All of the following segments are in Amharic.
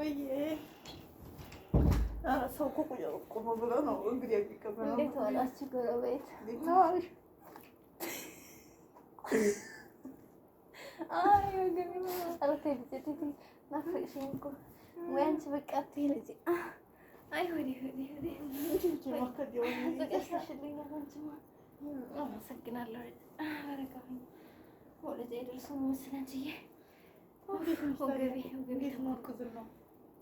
ወይ ሰው እኮ ቁሞ ብሎ ነው እንግዲህ የሚቀበለው። እንዴት ዋላችሁ ጎረቤት? አመሰግናለሁ።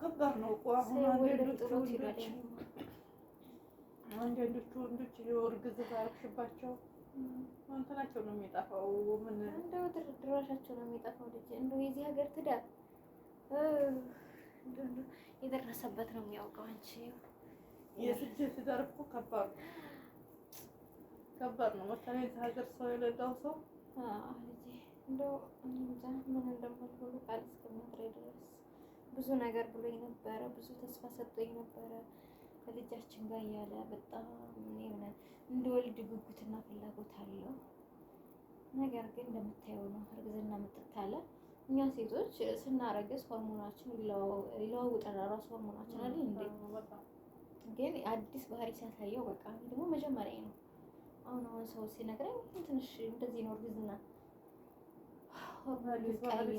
ከባድ ነው እኮ አሁን አንዳንዶቹ ወንዶች አንዳንዶቹ ወንዶች እርግዝ ባያልሽባቸው እንትናቸው ነው የሚጠፋው። ምን እንደው ድራሻቸው ነው የሚጠፋው። ልጅ እንደው የዚህ ሀገር ትዳር የደረሰበት ነው የሚያውቀው። አንቺ የስቼ ትዳር እኮ ከባድ ነው ከባድ ነው። በተለይ ሀገር ሰው የሌለው ሰው እንደው ምን ብዙ ነገር ብሎኝ ነበረ፣ ብዙ ተስፋ ሰጥቶኝ ነበረ ከልጃችን ጋር እያለ በጣም የሆነ እንደ ወልድ ጉጉትና ፍላጎት አለው። ነገር ግን እንደምታየው ነው እርግዝና ምጥት አለ። እኛ ሴቶች ስናረግዝ ሆርሞናችን ይለዋውጠና ራሱ ሆርሞናችን አለ እንዴ ግን አዲስ ባህሪ ሲያሳየው በቃ ደግሞ መጀመሪያ ነው። አሁን አሁን ሰው ሲነግረኝ ትንሽ እንደዚህ ነው እርግዝና አልቻልም።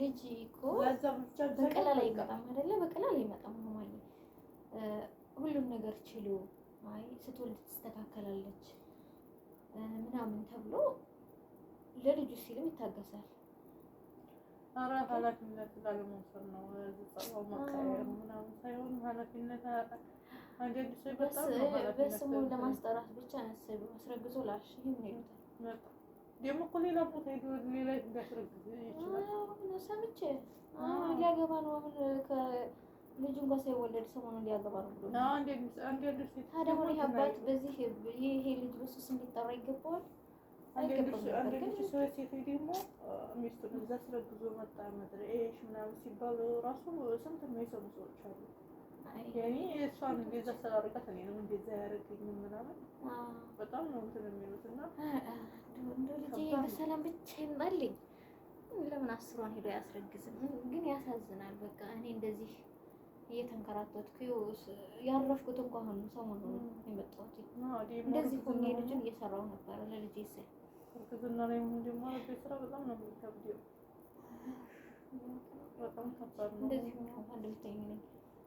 ልጅ እኮ በቀላል አይቀጣም አይደለ? በቀላል አይመጣም። ማለት ሁሉም ነገር ችሎ አይ ስትወልድ ትስተካከላለች ምናምን ተብሎ ለልጁ ሲልም ይታገሳል። አራት ኃላፊነት ላለመውሰድ ነው። ጸባው መቀየር ምናምን ሳይሆን ኃላፊነት በስሙ ለማስጠራት ብቻ ያስብ አስረግዞ ላሽ ደግሞ እኮ ሌላ ቦታ ሄዶ ሌላ ይችላል። ሰምቼ ሊያገባ ነው አሁን ከልጁ እንኳን ሳይወለድ ሰሞኑን ሊያገባ ነው ብሎ ታዲያ ይህ አባት በዚህ ይሄ ልጅ በሱ ስም ሊጠራ ይገባዋል። ሚስቱን እዛ አስረግዞ መጣ ምናምን ሲባል ራሱ ስንት የሚሰሙ ሰዎች አሉ። የኔ እሷን እንደዛ ስላደረጋት እኔ ነው እንደዛ ያደረገኝ ምናምን በጣም ነው እንትን የሚሉት እና እንደው ልጄ በሰላም ብቻ ይምጣልኝ። ለምን አስሯን ሄዶ አያስረግዝም? ግን ያሳዝናል። በቃ እኔ እንደዚህ እየተንከራተትኩ ያረፍኩት እንኳ አሁን ሰሞኑን የመጣሁት እንደዚህ ሆኜ ልጅን እየሰራው ነበረ ለልጄ ስል እርግዝና ላይ ምንድማ ስራ በጣም ነው የሚከብደው። በጣም ከባድ ነው። እንደዚህ ሆኜ እንኳን እንደምታይኝ ነኝ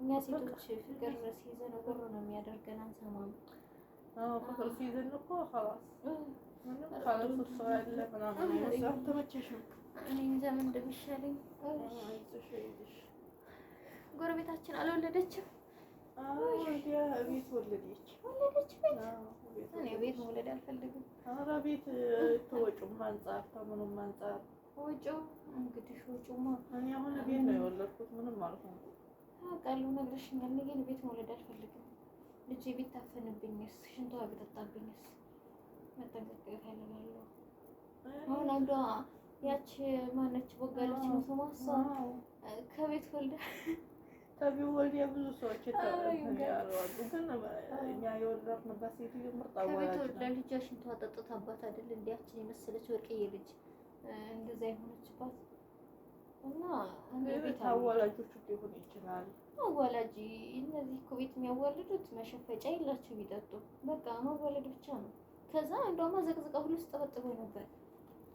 እኛ ሴቶች ፍቅር ሲይዘን ወሮ ነው የሚያደርገን። አንሰማም። ፍቅር ሲይዘን እኮ እኔ እንጃ ምን እንደሚሻለኝ። ጎረቤታችን አልወለደችም። ቤት ወለደች ወለደች። ቤት እኔ ቤት መውለድ አልፈልግም። ኧረ ቤት ተወጪውም አንጻር ከምኑም አንጻር ወጪው እንግዲህ ወጪውማ እኔ አሁን ቤት ነው የወለድኩት ምንም አልሆንኩም። አውቃለሁ ነግረሽኛል። ግን ቤት መውለድ አልፈልግም። ልጄ ቤት ታፈንብኝስ፣ ሽንቷ ቢጠጣብኝስ መጠንቀቅ እፈልጋለሁ። አሁን አንዷ ያቺ ማነች ቦጋለች ነው ስሟ። እሷ ከቤት ወልዳ ከቤት ወልዳ ብዙ ሰዎች ከቤት ወልዳ ልጇ ሽንቷ ጠጥታባት አይደል እንዲያችን የመሰለች ወርቅዬ ልጅ እንደዛ የሆነችባት እና ሊሆን ይችላል። አዋላጅ እነዚህ እኮ ቤት የሚያዋልዱት መሸፈጫ የላቸው ቢጠጡ በቃ መዋለድ ብቻ ነው። ከዛ እንደውም ዘቅዝቀ ሁሉ ውስጥ ነበር።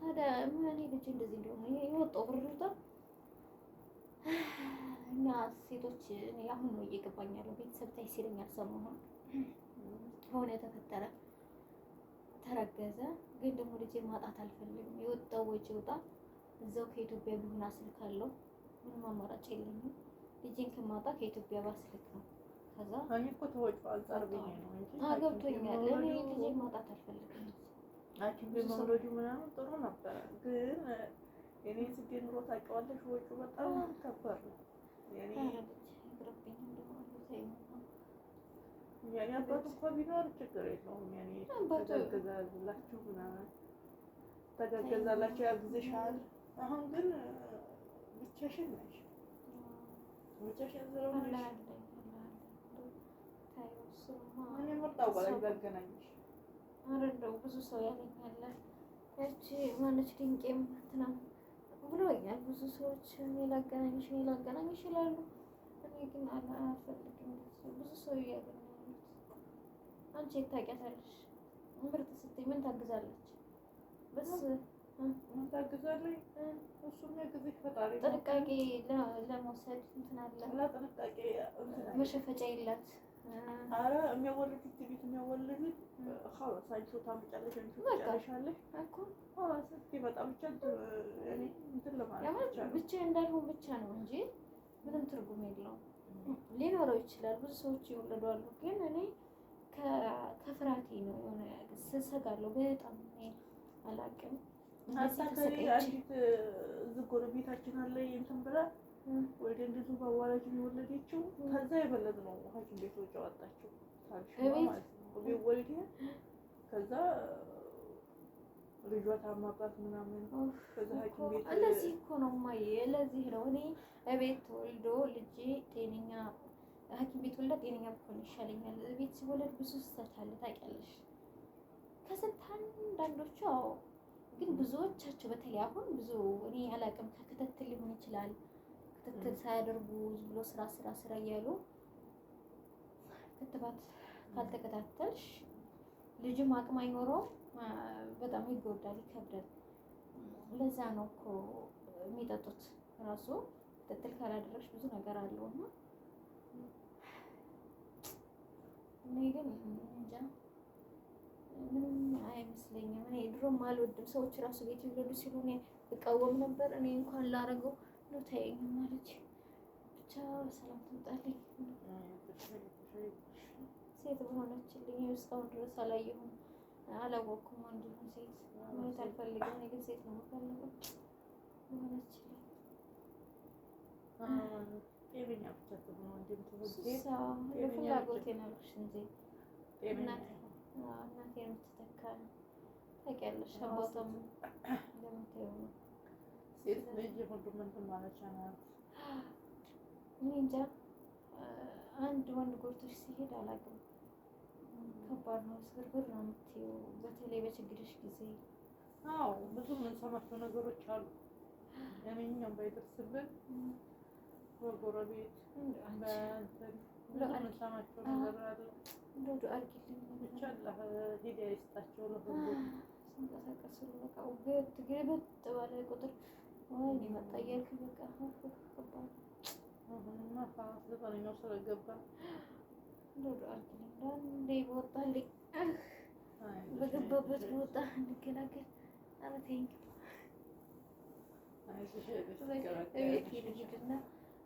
ታዲያ ምን ልጅ እንደዚህ እንደሆነ የወጣው ብርታ እና ሴቶች እኔ አሁን ነው እየገባኝ ያለው ቤተሰብ ታይ ሲለኝ አልሰማሁም። ሆነ ተፈጠረ ተረገዘ፣ ግን ደግሞ ልጅ ማጣት አልፈልግም። የወጣው ወጪ ውጣ እዛው ከኢትዮጵያ ቢሆን ስልክ አለው። ምንም አማራጭ የለኝም። ልጄን ከማጣ ከኢትዮጵያ ባስልክ ነው። ከዛ እኔ እኮ ተወጪው አንጻር ብዬ ነው እንጂ እኔ ልጄን ማጣት አልፈልግም። አኪቤ መውለዱ ምናምን ጥሩ ነበረ፣ ግን እኔ ስጌ ኑሮ ታውቂዋለሽ፣ ወጪው በጣም ከባድ ነው። ያኔ አባት እኮ ቢኖር ችግር የለውም። ያኔ ተገገዛላችሁ ምናምን ተገገዛላችሁ ያግዝሻል አሁን ግን ብቻሽን ነሽ። ብቻሽን ስለሆነ ምን ምርጣው ባለሽ ባገናኝሽ ኧረ እንደው ብዙ ሰው ያለኛል። ያቺ ማነች ድንቄም ትናንት ብሎኛል። ብዙ ሰዎች እኔ ላገናኝሽ፣ እኔ ላገናኝሽ ይላሉ። እኔ ግን አልፈልግም። ብዙ ሰው እያገናኘሁት አንቺ የታውቂያታለሽ። ምርጥ ስትይ ምን ታግዛለች በስ ጥንቃቄ ለመውሰድ እንትን አለ መሸፈጫ የላት። ኧረ የሚያወልዱት ቤት የሚያወልዱት ብቻ እንዳልሆን ብቻ ነው እንጂ ምንም ትርጉም የለውም። ሊኖረው ይችላል ብዙ ሰዎች ይወለዳሉ፣ ግን እኔ ከፍራቴ ነው የሆነ ስሰጋለሁ በጣም አላውቅም አሳካሪ አንዲት እዚህ ጎረቤታችን አለ እንትን ብላ ወደ እንደዚሁ በአዋላጅ የወለደችው ከዛ የበለጠ ነው ሐኪም ቤት ወጪ አወጣችው ማለት ከዛ ልጇ ታማባት ምናምን ከዛ ሐኪም ቤት እንደዚህ እኮ ነው ማየ። ለዚህ ነው እኔ እቤት ተወልዶ ልጄ ጤነኛ ሐኪም ቤት ወልዳ ጤነኛ ብትሆን ይሻለኛል። እቤት ሲወለድ ብዙ ስህተት አለ ታውቂያለሽ። ከስንት አንዳንዶቹ አዎ ግን ብዙዎቻቸው በተለይ አሁን ብዙ እኔ አላቅም ከክትትል ሊሆን ይችላል ክትትል ሳያደርጉ ዝም ብሎ ስራ ስራ ስራ እያሉ ክትባት ካልተከታተልሽ ልጅም አቅም አይኖረው፣ በጣም ይጎዳል፣ ይከብዳል። ለዛ ነው እኮ የሚጠጡት ራሱ ክትትል ካላደረግሽ ብዙ ነገር እና እኔ ግን እንጃ ምንም አይመስለኝም። እኔ ድሮም አልወድም። ሰዎች ራሱ ቤት ይወለዱ ሲሉ እኔ እቃወም ነበር። እኔ እንኳን ላረገው ነው ታየኝ ማለች ብቻ ሰላም ትምጣልኝ። ሴት በሆነችልኝ እስካሁን ድረስ አላየሁም፣ አላወቅኩም። ወንድ ሴት ማየት አልፈልግም። እኔ ግን ሴት ነው የምፈልገው በሆነችልኝ የፍላጎቴ ነው ያልኩሽ እንጂ እናቴ የምትተካ ነው። ታውቂያለሽ፣ ቦታም እንደምታየው ነው። ሴት ልጅ ሁሉም እንትን ማለት ነው። እኔ እንጃ አንድ ወንድ ጎርቶች ሲሄድ አላውቅም። ከባድ ነው። ስግርግር ነው የምትይው፣ በተለይ በችግርሽ ጊዜ። አዎ ብዙ የምንሰማቸው ነገሮች አሉ። ለማንኛውም ባይደርስብን በጎረቤት በመሰማቸው ነገር አለ። ብቻ ሂዳ ይስጣቸው ነው ሁሉ በቃ ውበት ገበጥ ባለ ቁጥር ወይ ሊመጣ እያልክ በቃ አሁንማ ሰዓት ዘጠነኛው ስለገባ እንደው አልችልም። እንዳንዴ በወጣ እንዴ በገባበት በወጣ እንገላገል። ኧረ ተይኝ፣ እቤት ልሂድና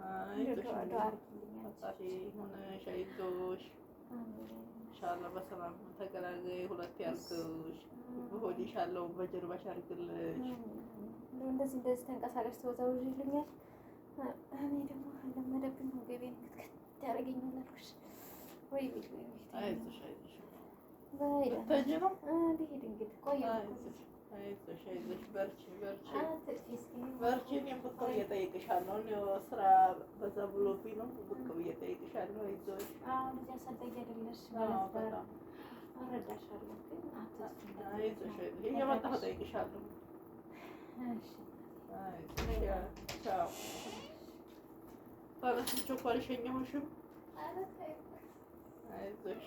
አይዞሽ ኢንሻላህ በሰላም ተገላገይ። ሁለት ያርግሽ፣ በሆድሽ ያለውን በጀርባሽ ያርግልሽ። እንደዚህ እንደዚህ ተንቀሳቀሽ ተወዛውዥልኛል። እኔ ደግሞ ለመደብኝ ገቤን ክትክት ያደርገኛል አልኩሽ ወይ ቤት ወይ ቤት። አይዞሽ አይዞሽ፣ በይ ተጅ ነው እንዲሄድ አይዞሽ አይዞሽ፣ በርቺ በርቺ በርቺ። እኔም ብቅ ብዬ እጠይቅሻለሁ። እኔው ስራ በዛ ብሎብኝ ነው። ብቅ ብዬ እጠይቅሻለሁ። አይዞሽ እየመጣሁ እጠይቅሻለሁ። ፈረስቾ እኮ አልሸኘሁሽም። አይዞሽ